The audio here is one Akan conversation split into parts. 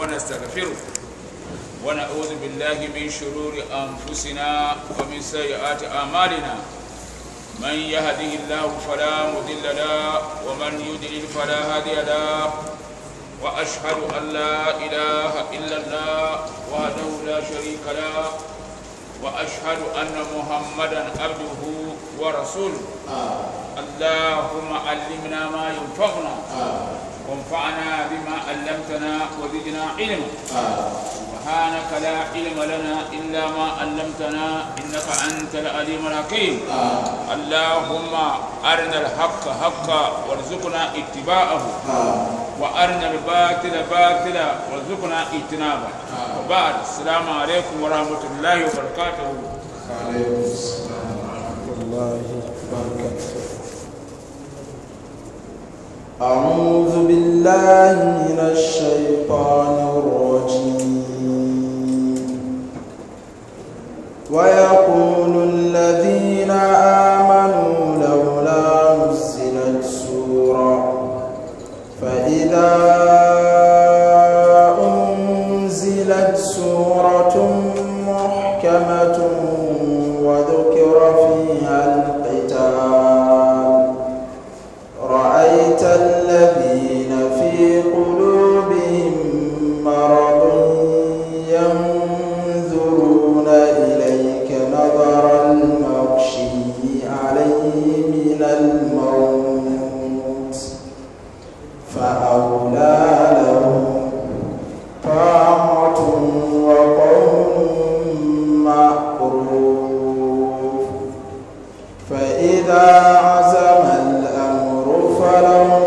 ونستغفره ونعوذ بالله من شرور أنفسنا ومن سيئات أعمالنا من يهده الله فلا مضل له ومن يضلل فلا هادي له وأشهد أن لا إله إلا الله وحده لا شريك له وأشهد أن محمدا عبده ورسوله اللهم علمنا ما ينفعنا وانفعنا بما علمتنا وزدنا علما سبحانك لا علم لنا إلا ما علمتنا إنك أنت العليم الحكيم اللهم أرنا الحق حقا وارزقنا اتباعه وأرنا الباطل باطلا وارزقنا اجتنابه وبعد السلام عليكم ورحمة الله وبركاته وعليكم السلام ورحمة الله وبركاته أعوذ بالله من الشيطان الرجيم ويقول الذين آمنوا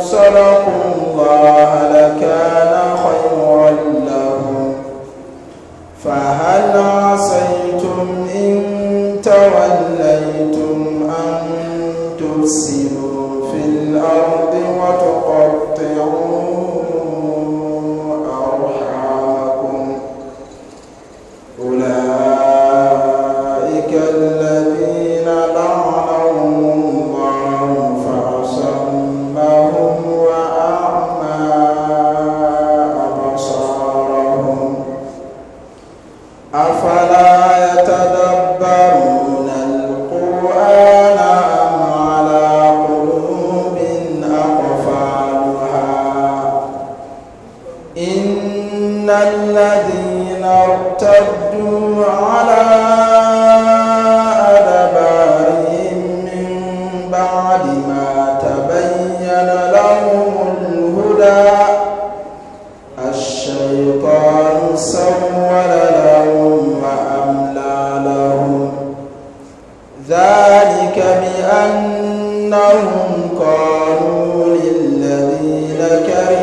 صدق الله إن الذين ارتدوا على أدبارهم من بعد ما تبين لهم الهدى الشيطان سول لهم وأملى لهم ذلك بأنهم قالوا للذين كرهوا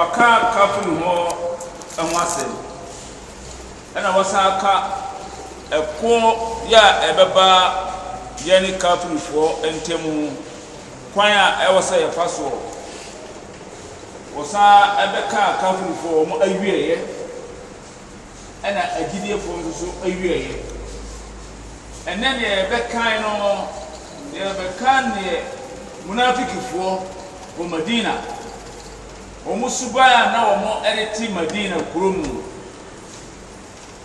wɔkaa ka funu hɔ ho asɛm ɛna wɔsan ka ɛko yɛ a ɛbɛba yɛne kafirifoɔ ntam kwan a ɛwɔ sɛ yɛfa soɔ wɔsan ɛbɛkaa kafirifoɔ wɔn awieɛ ɛna agyinifo nso so awieɛ ɛnɛ deɛ yɛbɛkan no deɛ yɛbɛkan deɛ munafikifoɔ wɔ madina wɔn suban a na wɔn ɛde ti madina kurom no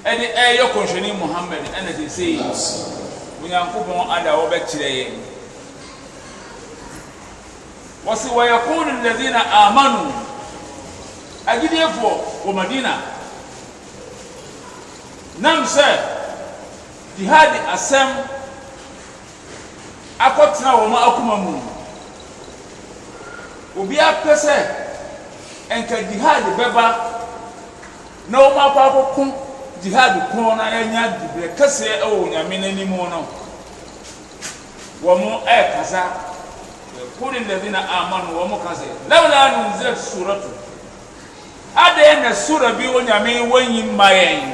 ɛde ɛyɛ kɔnhwɛni muhammed ɛna de se yi onyankopɔn ada a wɔbɛkyerɛ yɛn wɔsi wɔyɛ kóòdù lɛdina amanu agyidiefo wɔ madina nam sɛ jihadi asɛm akɔtena wɔn akoma mu obi apɛ sɛ. nka jihad bɛba na wɔn akɔ akɔko jihad korɔ na anya dibrɛ kɛseɛ ɛwɔ nyame n'anim no wɔn ɛɛkasa e kuli ladina amanu wɔn ka sɛ lawla nunzila suratu adɛɛ na sura bi wɔ nyame wɔnyi ma yɛn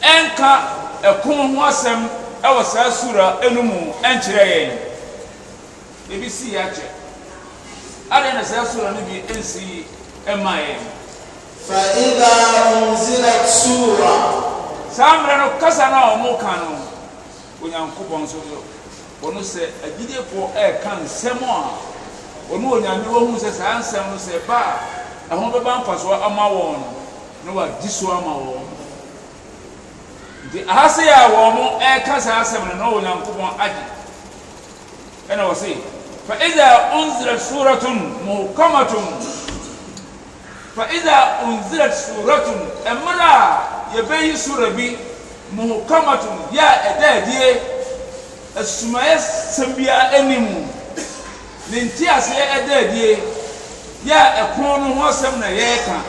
ɛnka ɛko ho asɛm ɛwɔ saa sura ɛnum ɛnkyerɛ yɛn ebi si yɛ akyɛ adɛɛ na saa sura no bi ɛnsi ɛma yɛ. fa idha unzilat sura. saa mmerɛ no kasa no a wɔn ka no onyankopɔn nso so wɔn sɛ agyidiefoɔ ɛreka nsɛm a wɔn onyame wɔn sɛ saa nsɛm no sɛ baa ɛho bɛba mfasoɔ ama wɔn na wɔadi so ama wɔn nti ahase a wɔn ɛreka saa asɛm no na onyankopɔn agye ɛna wɔ se fa idha unzilat suratun muhkamatun fa idha unzilat suratun ɛmira yɛbɛyi sura bi muhukamatun yɛ ɛdɛɛdeɛ asumayɛ sɛm biara anim ne nti aseɛ ɛdɛɛdeɛ yɛ ɛkoro no ho asɛm na yɛreka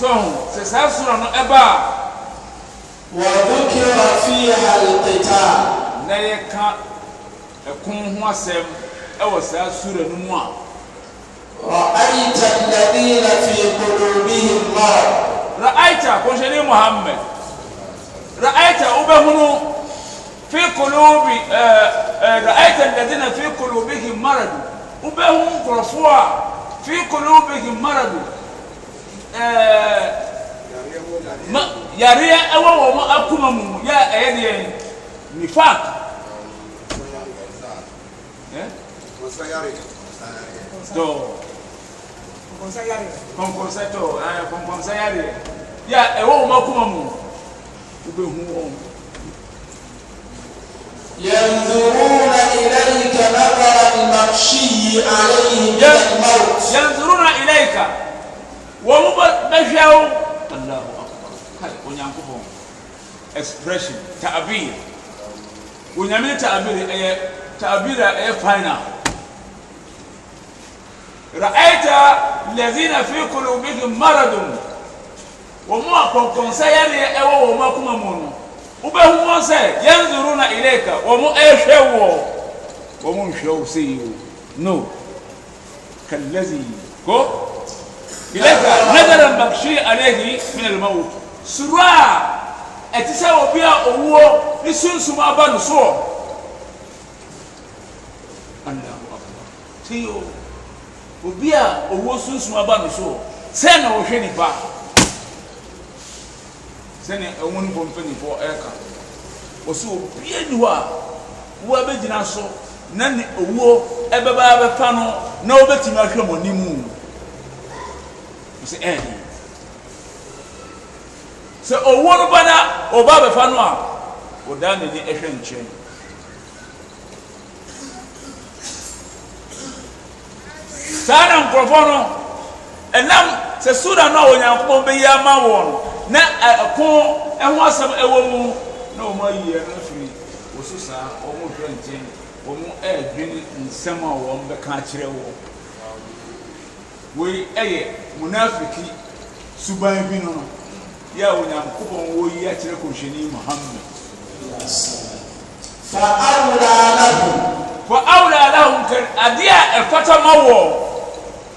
so sɛ saa sura no ɛba a wɔdokira fiha alqital na yɛka ɛko ho asɛm ɛwɔ saa sura no mu a رأيت الذين في قلوبهم مرض رأيت كونشري محمد رأيت أبهنو في قلوب رأيت الذين في قلوبهم مرض أبهن قرصوا في قلوبهم مرض yareɛ ɛwɔ wɔn akoma mu yɛ ɛyɛ deɛ nifak dɔɔ kɔnkɔnsa tɔ ɛɛ kɔnkɔnsa yare yɛ ɛwɔ wɔn akoma mu wobɛhu wɔn. ينظرون إليك نظر المغشي عليه من الموت ينظرون إليك وهم بشعوا الله أكبر هاي ونعمكم expression تعبير ونعمل تعبير تعبير final رأي الذين في قلوبهممرض يرون إليذ ش عليه من الموت لس obi a owó sunsun aba no so sẹ́ẹ̀ na wɔhwɛ nipa sẹ́ni ɛwọ́n ní bọ́ mpanyinfoɔ ɛɛka obi ani hɔ a gyina so na ni owó ɛbɛba abɛfa no na wɔbɛtumi ahwɛ wɔn anim wɔsi ɛɛdi sɛ owó no ba na no a saa na nkurɔfoɔ no ɛnam sɛ sura no a onyankopɔn bɛyi ama wɔn na ɛko ɛho asɛm ɛwɔ mu na wɔn ayi ɛno afiri wɔso saa wɔn hwɛ nkyɛn wɔn ɛredwene nsɛm a wɔn bɛka akyerɛ wɔn wei ɛyɛ munafiki suban bi no yɛ a onyankopɔn wɔyi akyerɛ kɔnhyɛni muhammed fa awura alahu fa awura alahu nkɛ adeɛ a ɛfata ma wɔn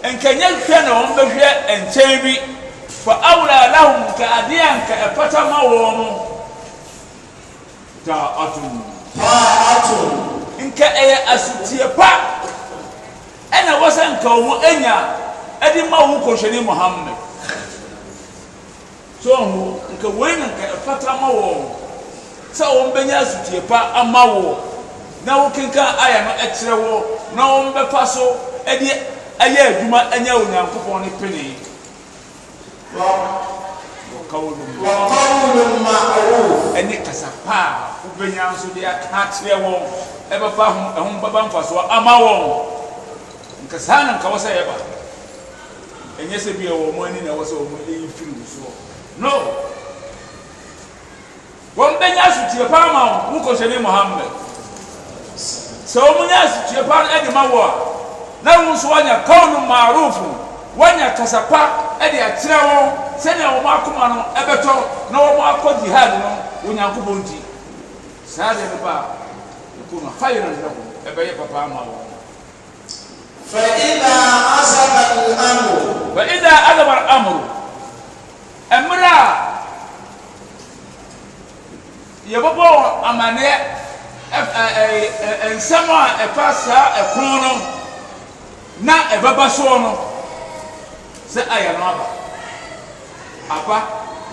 nkɛnyɛ hwɛ na wɔn bɛhwɛ nkyɛn bi fa awura alahum ka adeɛ a nka ɛpata ma wɔn no taa atum. taa atum. nka ɛyɛ asutie pa ɛna wɔsɛ nka wɔn anya ɛde ma wɔn kɔhwɛni muhammed so ɔho nka wɔn na nka ɛpata ma wɔn sɛ wɔn bɛnya asutie pa ama wɔn na wɔkenkan ayɛ no ɛkyerɛ wɔn na wɔn bɛfa so ɛdeɛ ɛyɛ adwuma ɛnyɛ onyankopɔn ne pene ɛne kasa paa wobɛnya nso de aka kyerɛ wɔn ɛbɛfa ɛho bɛba mfasoɔ ama wɔn nka saa na nka wɔ sɛ yɛba ɛnyɛ sɛ bia wɔn ani na ɛwɔ sɛ wɔn ɛyi firi wo soɔ no wɔn bɛnya asutue paa ma wo wokɔhyɛ mohammed sɛ wɔn nya asutue paa no ɛde ma wɔ a na wɔn nso wanya kɔɔlu maarufu wanya kasapa ɛde akyerɛ wɔn sɛnea wɔn akoma no ɛbɛtɔ na wɔn akɔ jihad no onyankopɔn ti saa deɛ no ba ɛkɔ no fayɛ no nfɛ ko ɛbɛyɛ papa ama wɔn. fa'ida azaba al-amru. fa'ida azaba al-amru mmerɛ a yɛbɛbɔ wɔn amaneɛ nsɛm a ɛfa saa ɛkron no na ɛbɛba soɔ no sɛ ayɛ no aba aba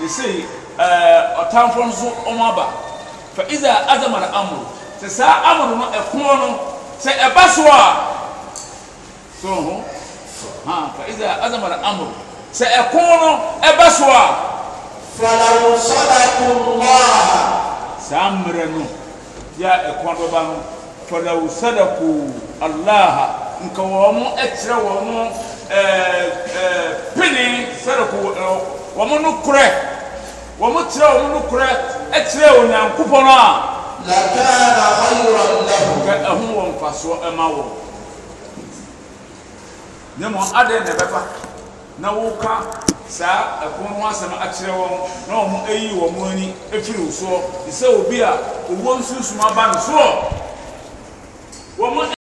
yɛsei ɛɛ ɔtamfoɔ nso ɔmo aba fɛ iza azama na amoro sɛ saa amoro no ɛkoɔ no sɛ ɛba soɔ a soro ho ha fɛ iza azama na amoro sɛ ɛkoɔ no ɛba soɔ a. falawo sadaku allah. saa mmerɛ no yɛ ɛkoɔ no bɛba no falawo sadaku allah nka wɔn kyerɛ wɔn pini sɛrɛko wɔn no korɛ wɔn kyerɛ wɔn no korɛ kyerɛ onyankopɔn a. lakana ayɔrɔ lɛho. kɛ ɛho wɔ nfasoɔ ma wɔn ne mu adeɛ na ɛbɛba na wɔka saa ɛpono ho asɛm akyerɛ wɔn na wɔn ayi wɔn ani afiri wosoɔ sɛ obi a owuo nsunsum aba ne soɔ wɔn.